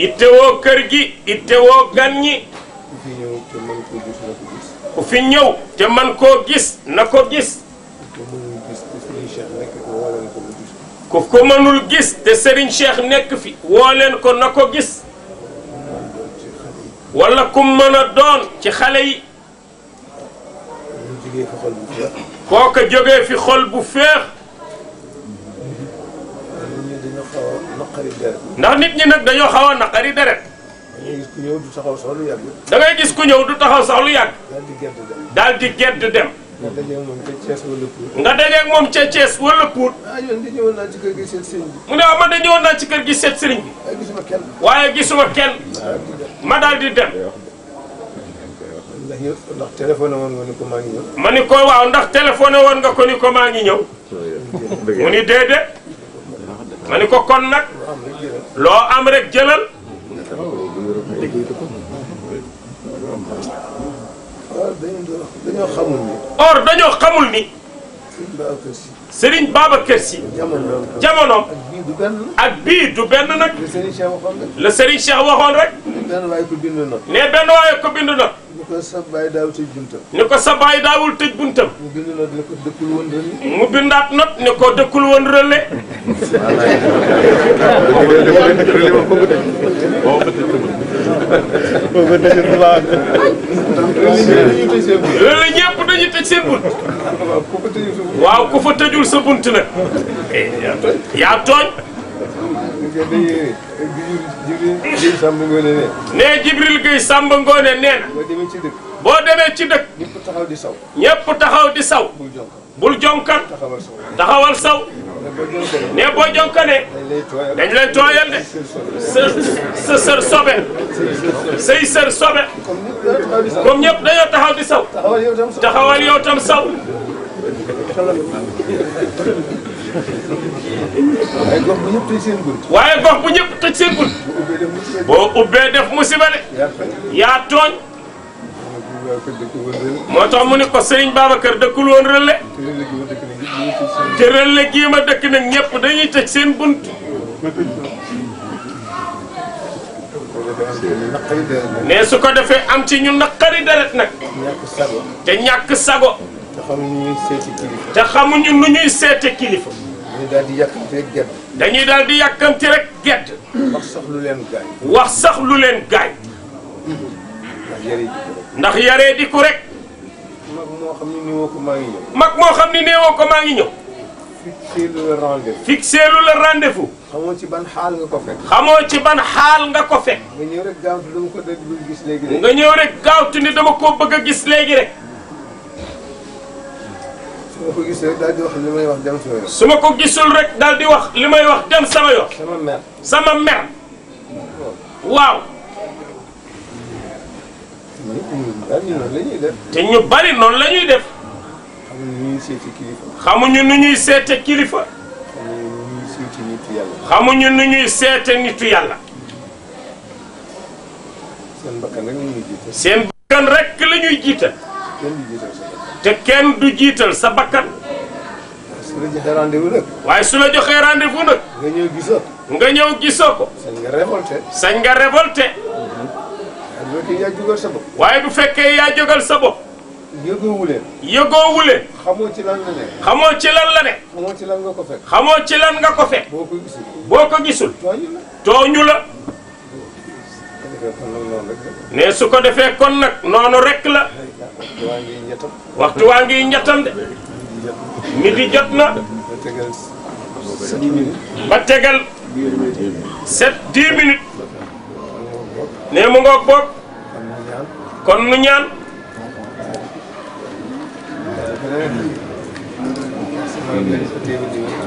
S1: ittewoo kër gi ittewoo gan ñi. ñi. ñëw ku fi ñëw te man koo gis na ko gis. ku ko mënul gis te Serigne Cheikh nekk fi woo ko na ko gis. wala ku mën a doon ci xale yi. kooka jógee fi xol bu féex. ndax nit ñi nag dañoo xaw a naqari deret. da ngay gis ku ñëw du taxaw sax lu yàgg. da ngay gis ku ñëw du taxaw sax lu yàgg. daal di gedd dem. daal di gedd dem. nga dajeeg moom ca Thiès wala Pout. nga dajeeg moom ca Thiès wala Pout. ah yoon di ñëwoon naa ci kër gi seet sëriñ bi. mu ne ah man de ñëwoon naa ci kër gi seet sëriñ bi. waaye ah, gisuma kenn. waaye gisuma kenn. ma daal di dem. ndax téléphoné woon nga ni ko maa ngi ñëw. ma ni ko waaw ndax téléphoné woon nga ko ni ko maa ngi ñëw. mu ni déedéet. ma ni ko kon nag. loo am rek jëlal. dañoo xamul ni. or dañoo xamul ni. Serigne Babacar Sy. jamonoom benn nag. la Serigne Cheikh waxoon rek. ne benn waaye ko bind na. ni ko sa baay daawul tëj buntam. ni ko sa baay daawul tëj buntam. mu bind not ni ko dëkkul woon waaw ku fa sa bunt nag. Eh, yaa ne Jibril Gueye Samba Ngoone nee na. boo demee ci dëkk. boo demee ci dëkk. ñëpp taxaw di saw. ñëpp taxaw di saw. bul jonkan bul jonkan. taxawal saw taxawal saw. ne boo jonkane. dañ lay tooyal de. sa sa sër sobe. say sër sobe. comme ñëpp dañoo taxaw di saw. taxawal yow tam saw. waaye gox bu ñëpp tëj seen bunt. ñëpp tëj seen bunt. boo ubbee def musiba de. yaa tooñ. moo tax mu ne ko Serigne Babacar dëkkul woon Relais. te Relais gii ma dëkk nag ñëpp dañuy tëj seen bunt. ne su ko defee am ci ñu naqari deret nag. te ñàkk sago. te xamuñu nu ñuy ñuy seete kilifa. dañuy daal di yàkkamti rek gedd. dañuy daal di yàkkamti rek gedd. wax sax lu leen gaañ. wax sax lu leen gaañ. ndax yaree di ko rek. ndax yaree di mag moo xam ne néewoo ko maa ngi ñëw. mag ko maa ngi ñëw. fixé lu la rendez-vous. fixé lu la rendez ci ban xaal nga ko fekk. xamoo ci ban xaal nga ko fekk. rek gaawtu gis léegi rek. nga ñëw rek ni dama ko bëgg a gis léegi rek. su ma ko gisul rek daal di wax li may wax dem sama yoon. ma ko gisul rek daal di wax li may wax dem sama yoon. sama mer sama mer. waaw. te ñu bari noonu la ñuy def. xamuñu nu ñuy seete kilifa. xamuñu nu ñuy seete nitu yàlla. seen bakkan rek la ñuy seen bakkan rek te kenn du jiital sa bakkan. su la waaye su la joxee rendez-vous nag. nga ñëw gisoo. nga ñëw gisoo ko. sañ nga révolté. sañ nga révolté. waaye du fekkee yaa jógal sa bopp. yëgoowu leen. yëgoowu leen. xamoo ci lan la ne. xamoo ci lan la ne. ci lan nga ko fekk. xamoo ci lan nga ko fekk. boo ko gisul. boo ko gisul. tooñu la. ne su ko defee kon nag noonu rek la. waxtu waa ngi ñettam. waxtu waa ngi ñettam de. midi jot na. ba tegal. sept dix minutes. nee mu ngoog boog. kon nu ñaan.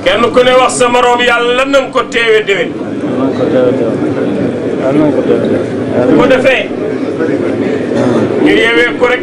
S1: kenn ku ne wax sa yàlla na nga ko teewe déwén. ko defee. ñu yeewee ko rek.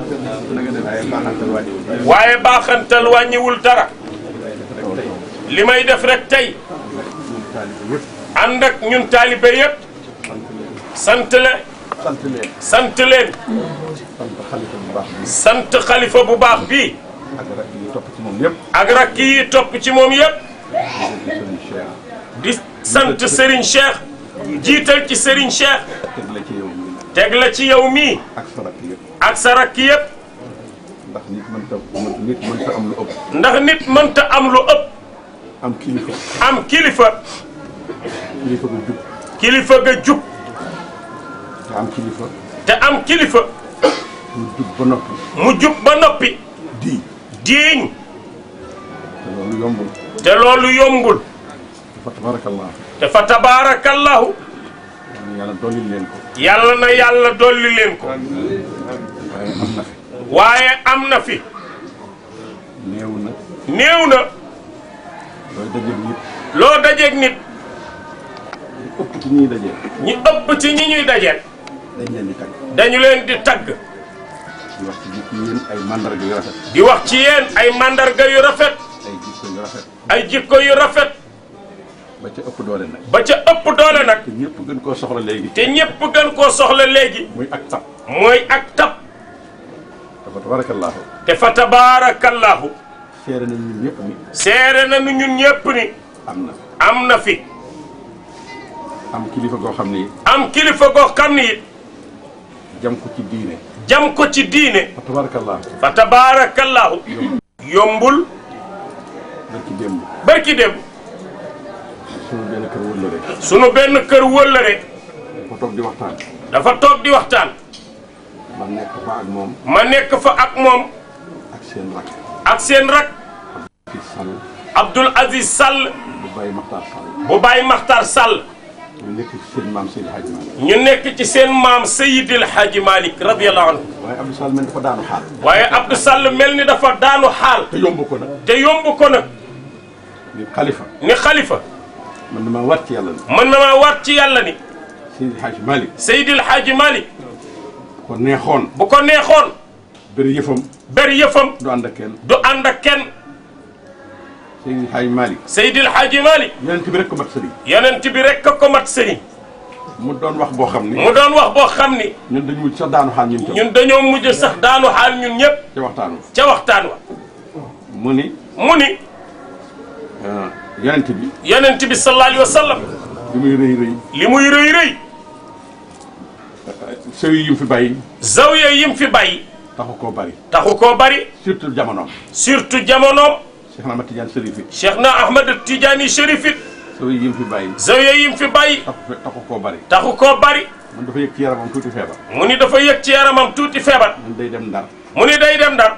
S1: waaye baaxantal wàññiwul dara li may def rek tey ànd ak ñun taalibe yëpp sant la sant leen sant xalifa bu baax bi ak rakk topp ci moom yëpp di sant Serigne Cheikh jiital ci Serigne Cheikh teg ci yow mii ak nit mënta am ndax nit mënta am lu ëpp. am kilifa. am kilifa. ga jub. te am kilifa. te am kilifa. mu jub ba noppi. mu diiñ. diiñ. te loolu yombul. te loolu fa tabaarakallahu. te fa tabaarakallahu. yàlla dolli leen ko. yàlla na yàlla dolli ko. waaye am na fi. néew na. néew na. loo dajeeg nit. loo dajeeg nit. ñi ëpp ci ñi ñuy dajeel. dañ leen di tagg. dañu leen di tagg. di wax ci yéen ay mandarga yu rafet. di wax ci yéen ay màndarga yu rafet. ay jikko yu rafet. ay jikko yu rafet. ba ca ëpp doole nag. ba ca ëpp doole nag. te ñëpp gën koo soxla léegi. te ñëpp gën koo soxla léegi. muy ak tab. mooy ak tab. te fa tabaarakallaahu. te fa tabaarakallaahu. seere nañ ñun ñëpp ni. am na fi. am kilifa goo xam ni. am kilifa goo xam ni. jam ko ci diine. jam ko ci diine. fa tabaarakallaahu. yombul. barki démb. barki démb. benn kër benn kër wëllëre. dafa toog di waxtaan. dafa toog di waxtaan. ma nekk fa ak moom. ma nekk fa ak moom. ak seen rak. ak seen rak. Abdoul Aziz Sall. bu Baye Makhtar Sall. bu Baye Makhtar Sall. ñu nekk ci seen maam Seydil Hadji Malick. ñu nekk ci seen maam Seydil Hadji Malick radiyallahu anhu. waaye Abdou Sall mel ni dafa daanu xaal. waaye Abdou Sall mel ni dafa daanu xaal. te yomb ko nag. te yomb ko nag. ni xalifa. ni xalifa. mën na maa waat ci yàlla ni. mën na maa waat ci yàlla ni. Seydil Hadji Malick. Seydil Hadji Malick. ko neexoon. bu ko neexoon. bëri yëfam. bëri yëfam. du ànd ak kenn. du ànd ak kenn. Seydil Hadji Malick. Seydil Hadji Malick. yonent bi rek ko mat sëriñ. yonent bi rek ko mat sëriñ. mu doon wax boo xam ni. mu doon wax boo xam ni. ñun dañu mujj sax daanu xaal ñun. ñun dañoo mujj sax daanu xaal ñun ñëpp. ca waxtaan wa ca waxtaan wa. mu ni. mu ni. Ah, yonent bi. yonent bi sallallahu alayhi wa sallam. li muy rëy rëy. li muy rëy rëy. zawiya yim fi bàyyi. zawiya yim fi bàyyi. taxu koo bari. taxu koo bari. surtout jamonoom. surtout jamonoom. Cheikh na Ahmed Tidiane Chérif it. Cheikh na Ahmed Tidiane Chérif it. zawiya yim fi bàyyi. zawiya yim fi bàyyi. taxu koo bari. taxu koo bari. mu dafa yëg ci yaramam tuuti feebar. mu ni dafa yëg ci yaramam tuuti feebar. day dem ndar. mu ni day dem ndar.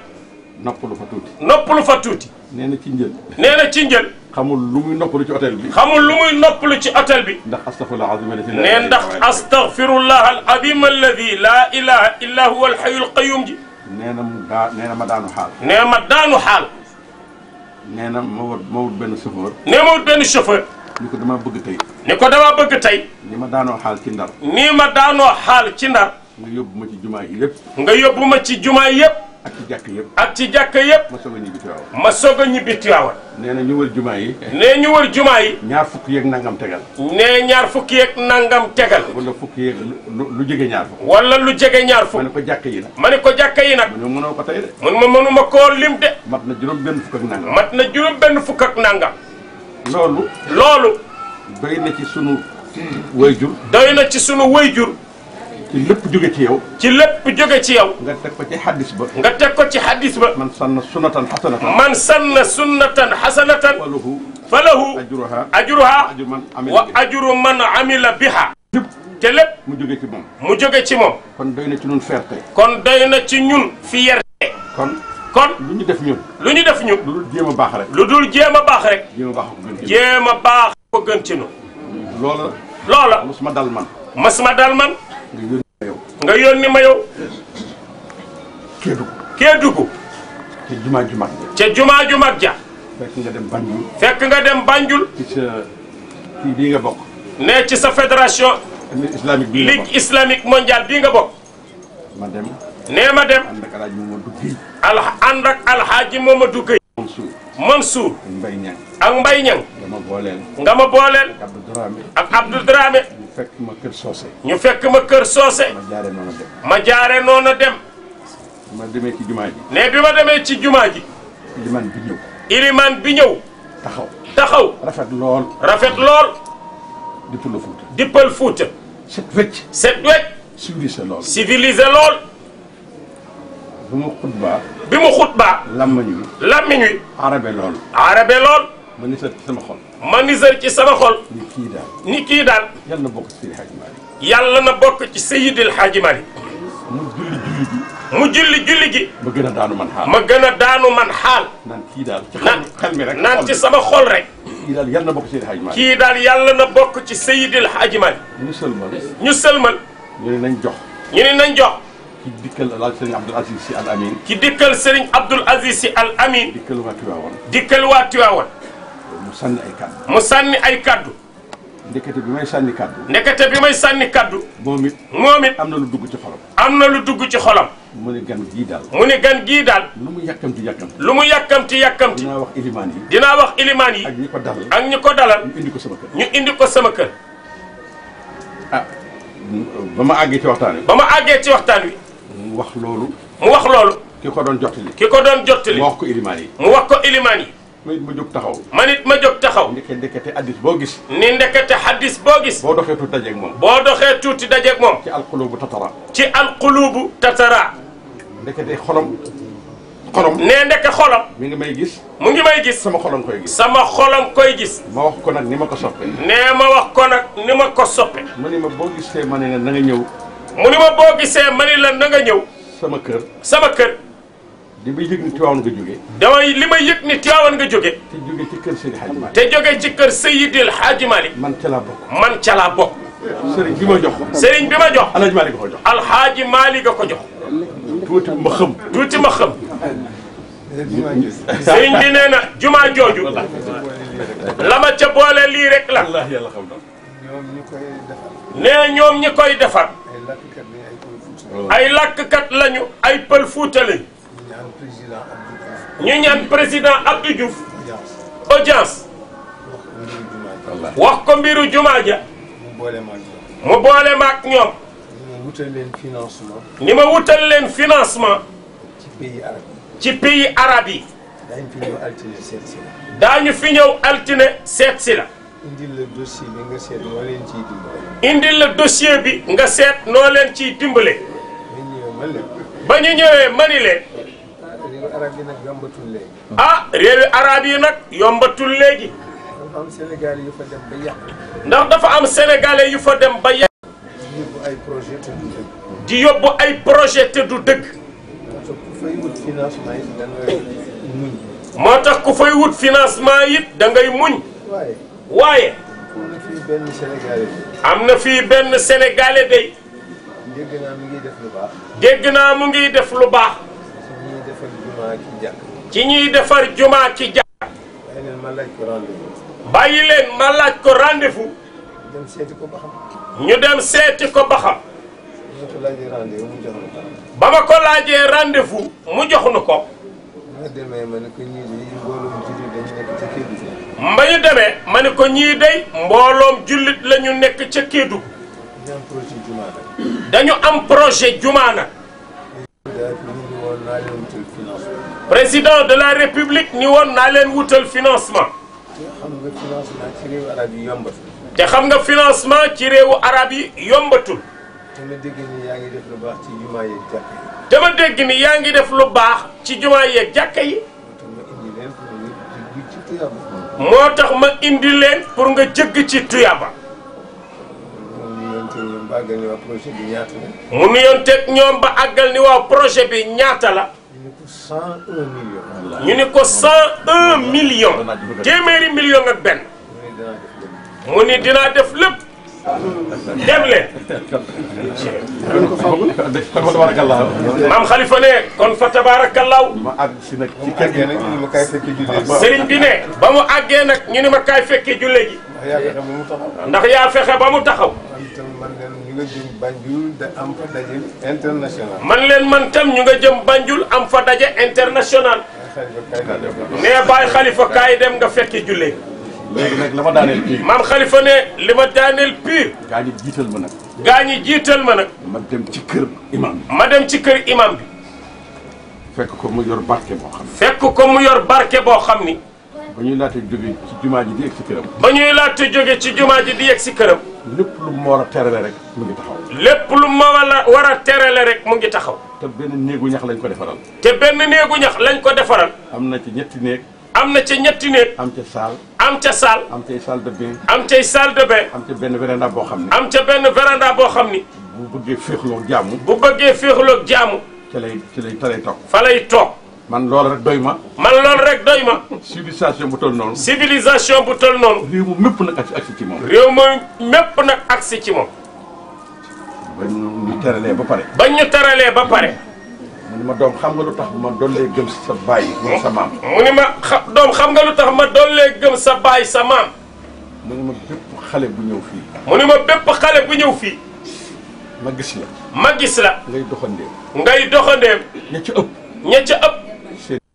S1: lu fa tuuti. noppalu fa tuuti. nee na ci nee na ci xamul lu muy noppalu ci hôtel bi. xamul lu muy noppalu ci hôtel bi. ndax astaghfirullah al azim alladi la ilaha ndax astaghfirullah al azim alladi la ilaha illa huwa al hayyul qayyum ji. nee na mu daa nee na ma daanu xaal. nee ma daanu xaal. nee na ma wut ma wut benn chauffeur. nee ma wut benn chauffeur. ni ko damaa bëgg tey. ni ko damaa bëgg tey. ni ma daanoo xaal ci ndar. ni ma daanoo xaal ci ndar. nga yóbbu ma ci jumaa yi yëpp. nga yóbbu ma ci jumaa yëpp. ak ci jàkk yëpp ak ci jàkk yëpp ma soog a ñibbi Tiwaawan ma soog a ñibbi Tiwaawan nee na ñu wër jumaa yi nee ñu wër jumaa yi ñaar fukki yeeg nangam tegal nee ñaar fukki yeeg nangam tegal wala fukki yeeg lu jege ñaar fukk wala lu jege ñaar fukk ma ne ko jàkk yi nag ma ne ko jàkk yi nag mun mënoo ko tey de mun ma mënuma koo lim de mat na juróom benn fukk ak nangam mat na juróom benn fukk ak nangam loolu loolu doy na ci sunu wayjur doy na ci sunu wayjur ci lépp jóge ci yow. ci lépp jóge ci yow. nga teg ko ci xaddis ba. nga teg ko ci xaddis ba. man sanna sunnatan xasanatan. man sanna sunnatan xasanatan. falahu. falahu. ajruha ajruha. wa ajru man amila biha. te lépp mu jóge ci moom. mu jóge ci moom. kon doy na ci ñun fierté. kon doy na ci ñun fierté. kon. kon lu ñu def ñun. lu ñu def ñun. lu dul jéem baax rek. lu dul jéem a baax rek. jéem a baax ko gën ci jéem baax ko gën ci ñun. loola. loola. mosuma ma dal man. nga yónni ma yow. nga yónni ma yow. Kédougou. Kédougou. ca jumaa ju ja. ca jumaa ju fekk nga dem Banjul. fekk nga dem Banjul. ci sa kii bii nga bokk. ne ci sa fédération. islamique bii nga bokk ligue islamique mondiale bii nga bokk. dem. nee ma dem. ànd ak alxaaji Momadou al ànd ak alxaaji Momadou Guèye. Mansour. Mansour. ak Mbaye Niang. ak nga ma booleel. nga ma booleel. ak Abdou fekk ma kër soose. ñu fekk ma kër soose. ma jaare noonu dem. ma jaare noonu dem. ma demee jumaa ji. ne bi ma demee ci jumaa ji. iliman bi ñëw. iliman bi ñëw. taxaw taxaw. rafet lool. rafet lool. dippal fuuta. dippal fuuta. set wecc. set wecc. civilisé lool. civilisé lool. bi mu xutbaa. bi mu xutbaa. lammiñ wi. lammiñ arabe lool. arabe lool. ma nitat ci sama ma ngi sër ci sama xol. ni kii daal ni kii daal. yàlla na bokk ci Seydil Hadji na bokk ci Seydil Hadji Malick. mu julli julli gi. mu julli julli ma gën a daanu man xaal ma gën a daanu man xaal. naan kii daal ci xel mi rek naan ci sama xol rek. kii daal na bokk ci Seydil Hadji Malick. kii daal yàlla na bokk ci Seydil Hadji Malick. ñu sëlmal ñu sëlmal. ñu ne nañ jox. ñu ne jox. ki dikkal laaj Serigne Abdoul si Al Amin. ki dikkal Serigne Abdoul si Al Amin. dikkal waa Tiwaawan. dikkal waa mu sànni ay kaddu. sànni ay kaddu. ndekete bi may sànni kaddu. ndekete bi may sànni kàddu moom it moom it. am na lu dugg ci xolam. am na lu dugg ci xolam. mu ne gan gii daal. mu ne gan gii daal. lu mu yàkkamti yàkkamti. lu mu yàkkamti yàkkamti. dinaa wax ilimaan yi. dinaa wax ilimaan yi. ak ñi ko dalal ko dalal. ñu indi ko sama kër. indi ko sama kër. Ah, ba ma àggee ci waxtaan wi. ba ma àggee ci waxtaan wi. mu wax loolu. mu wax loolu. ki ko doon jottali. ki ko doon jottali. mu wax yi. mu wax ko ilimaan yi. ma nit ma jóg taxaw ma nit ma jóg taxaw ndeke ndekete hadis boo gis ni ndekete hadis boo gis boo doxee tuuti dajeeg moom boo doxee tuuti dajeeg moom ci alqulubu tatara ci alqulubu tatara ndekete xolom xolom nee ndeke xolom mi ngi may gis mu ngi may gis sama xolom koy gis sama xolom koy gis ma wax ko nag ni ma ko soppe nee ma wax ko nag ni ma ko soppe mu ni ma boo gisee ma ne la na nga ñëw mu ni ma boo gisee ma ne la na nga ñëw sama kër sama kër li may yëg ni Tiwaawan nga jóge li may yëg ni nga jóge te jóge ci kër Seydi Hadji Malick te jóge ci kër Seydil man ca laa bokk man ca laa bokk sëriñ bi ma jox sëriñ bi ma ko jox alhaji Malick ko jox tuuti ma xam tuuti ma xam *laughs* sëriñ bi nee na jumaa jooju la ma ca boole lii rek la nee ñoom ñi koy defar ay làkkat lañu ay pël fuuta ñu ñaan président Abdou Diouf audience wax ko mbiru jumaa ja mu boole ma ñoom ni ma wutal leen financement ci pays arabe yi daañu fi ñëw altine seet si la indil la dossier bi nga seet noo leen ciy dimbale. la dossier bi nga seet noo leen ciy dimbale. ba ñu ñëwee mani leen. réewu arab yi nag yombatul léegi. ah yi nag yombatul léegi. dafa am sénégalais yu fa dem ba yàq. ndax dafa am sénégalais yu fa dem ba yàq. di yóbbu ay projet te du di yóbbu ay projet te dëgg. moo tax ku fay wut financement it dangay ngay muñ. waaye. am na fi benn sénégalais day. dégg naa mu ngi def mu ngi def lu baax. jumaa ci ñuy defar jumaa ci jàkk bàyyi ma laaj ko rendez leen ma ko rendez ñu dem seeti ko ba xam seeti ko ba ba ma ko laajee rendez-vous mu jox nu ko ma demee ma ne ko ñii day mbooloom jullit lañu nekk ca Kédougou ma ne ko ñii day mbooloom jullit la nekk ca Kédougou dañu am projet jumaa nag président de la république ni woon naa leen wutal financement. te xam nga financement ci réewu arab yi yombatul. dama dégg yi. dama dégg ni yaa ngi def lu baax ci jumaa yeeg jàkka yi. moo tax ma indi leen pour nga jëgg ci tuyaba. mu nuyoon teg ñoom ba àggal ni waa projet bi ñaata la. cent ñu ne ko cent un million. téeméeri benn. mu ni dinaa def lépp. dem leen. maam Khalifa ne kon fa tabaarakallaahu. sëriñ bi ba mu àggee nag ñu ne ma kaay fekkee julle ji. ndax yaa fexe ba mu taxaw. ndax yaa fexe ba mu taxaw. man tam leen nga jëm Banjul da am fa man leen man tam ñu nga jëm Banjul am fa daje international. nee Baye Khalifa kaay dem nga fekki julli. léegi nag la ma daaneel pire. maam Khalifa ne li ma daaneel pire. gaa jiital ma nag. gaa jiital ma nag. ma dem ci kër imam ma dem ci kër imam bi. ko mu yor barke boo xam ne. fekk ko mu yor barke boo xam ni. ba ñuy laata jóge ci jumaa ji di yegg si këram. ba ñuy laata jóge ci jumaa ji di yegg si këram. lépp lu mu war a terale rek mu ngi taxaw. lépp lu ma war a terale rek mu ngi taxaw. te benn néegu ñax lañ ko defaral. te benn néegu ñax lañ ko defaral. am na ci ñetti néeg. am na ca ñetti néeg. am ca saal. am ca saal. am cay salle de bain. am cay salle de bain. am ca benn véranda boo xam ni. am ca benn véranda boo xam ni. bu bëggee féexloo jaamu. bu bëggee féexloo jaamu. ca lay ca lay fa toog. fa lay toog. man loolu rek doy ma. man loolu rek doy ma. civilisation bu toll noonu. civilisation bu toll noonu. réew mu mépp nag agsi ci moom. réew mu mépp nag agsi ci moom. ba ñu teralee ba pare. ba ñu teralee ba pare. mu ni ma doom xam nga lu tax ma dollee gëm sa baay gëm sa maam. mu ni ma xa doom xam nga lu tax ma dollee gëm sa sa maam. mu ni ma bépp xale bu ñëw fii. mu ni ma bépp xale bu ñëw fii. ma gis la. ma gis la. ngay doxandeem. ngay doxandeem. ña ca ëpp. ña ëpp.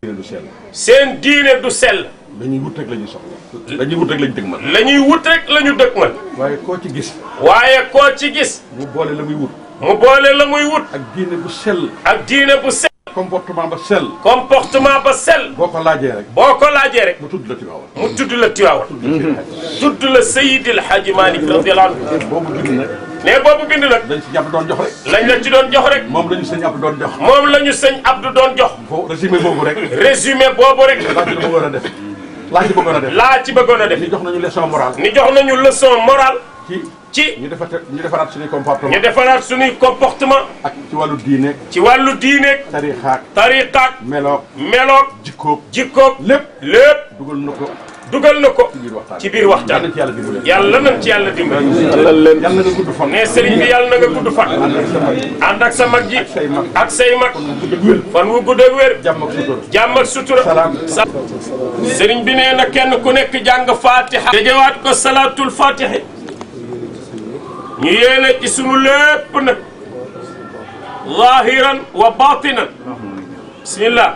S1: diine du sell. seen diine du sell. la ñuy wut rek la ñuy soxla. la ñuy wut rek la ñu dëgmal. la ñuy wut rek la ñu dëgmal. waaye koo ci gis. waaye koo ci gis. mu boole la muy wut. mu boole la muy wut. ak diine bu sell. ak diine bu sell. comportement ba sell. comportement ba sell. boo ko laajee rek. boo ko laajee rek. mu tudd la Tiwaawan. mu tudd la Tiwaawan. tudd la Seydil Hadji Malick radiyallahu anhu. boobu julli nag. mais boobu bind nag. lañ sëñ Abdou doon jox rek. lañ la ci doon jox rek. moom la ñu sëñ Abdou doon jox. moom la ñu sëñ Abdou doon jox. foofu résumé boobu rek. résumé boobu rek. laa ci bëggoon a def. laa ci bëggoon a def. ni jox nañu leçon morale. ni jox nañu leçon morale. ci ci. ñu defar ñu defaraat suñuy comportement. ñu defaraat suñuy comportement. ak ci wàllu diineeg. ci wàllu diineeg. tariixaak. tariixaak. meloog. meloog. jikkoog jikkoog. lépp lépp na ko. dugal na ko ci biir waxtaan yàlla nañ ci yàlla dimbali ne sëriñ bi yàlla na nga gudd fan ànd ak sa mag ji ak say mag fan wu gudd ak wér jàmm ak sutura sëriñ bi nee na kenn ku nekk jàng fatiha dajewaat ko salaatul fatiha ñu yéene ci sunu lépp nag zahiran wa batinan bismillah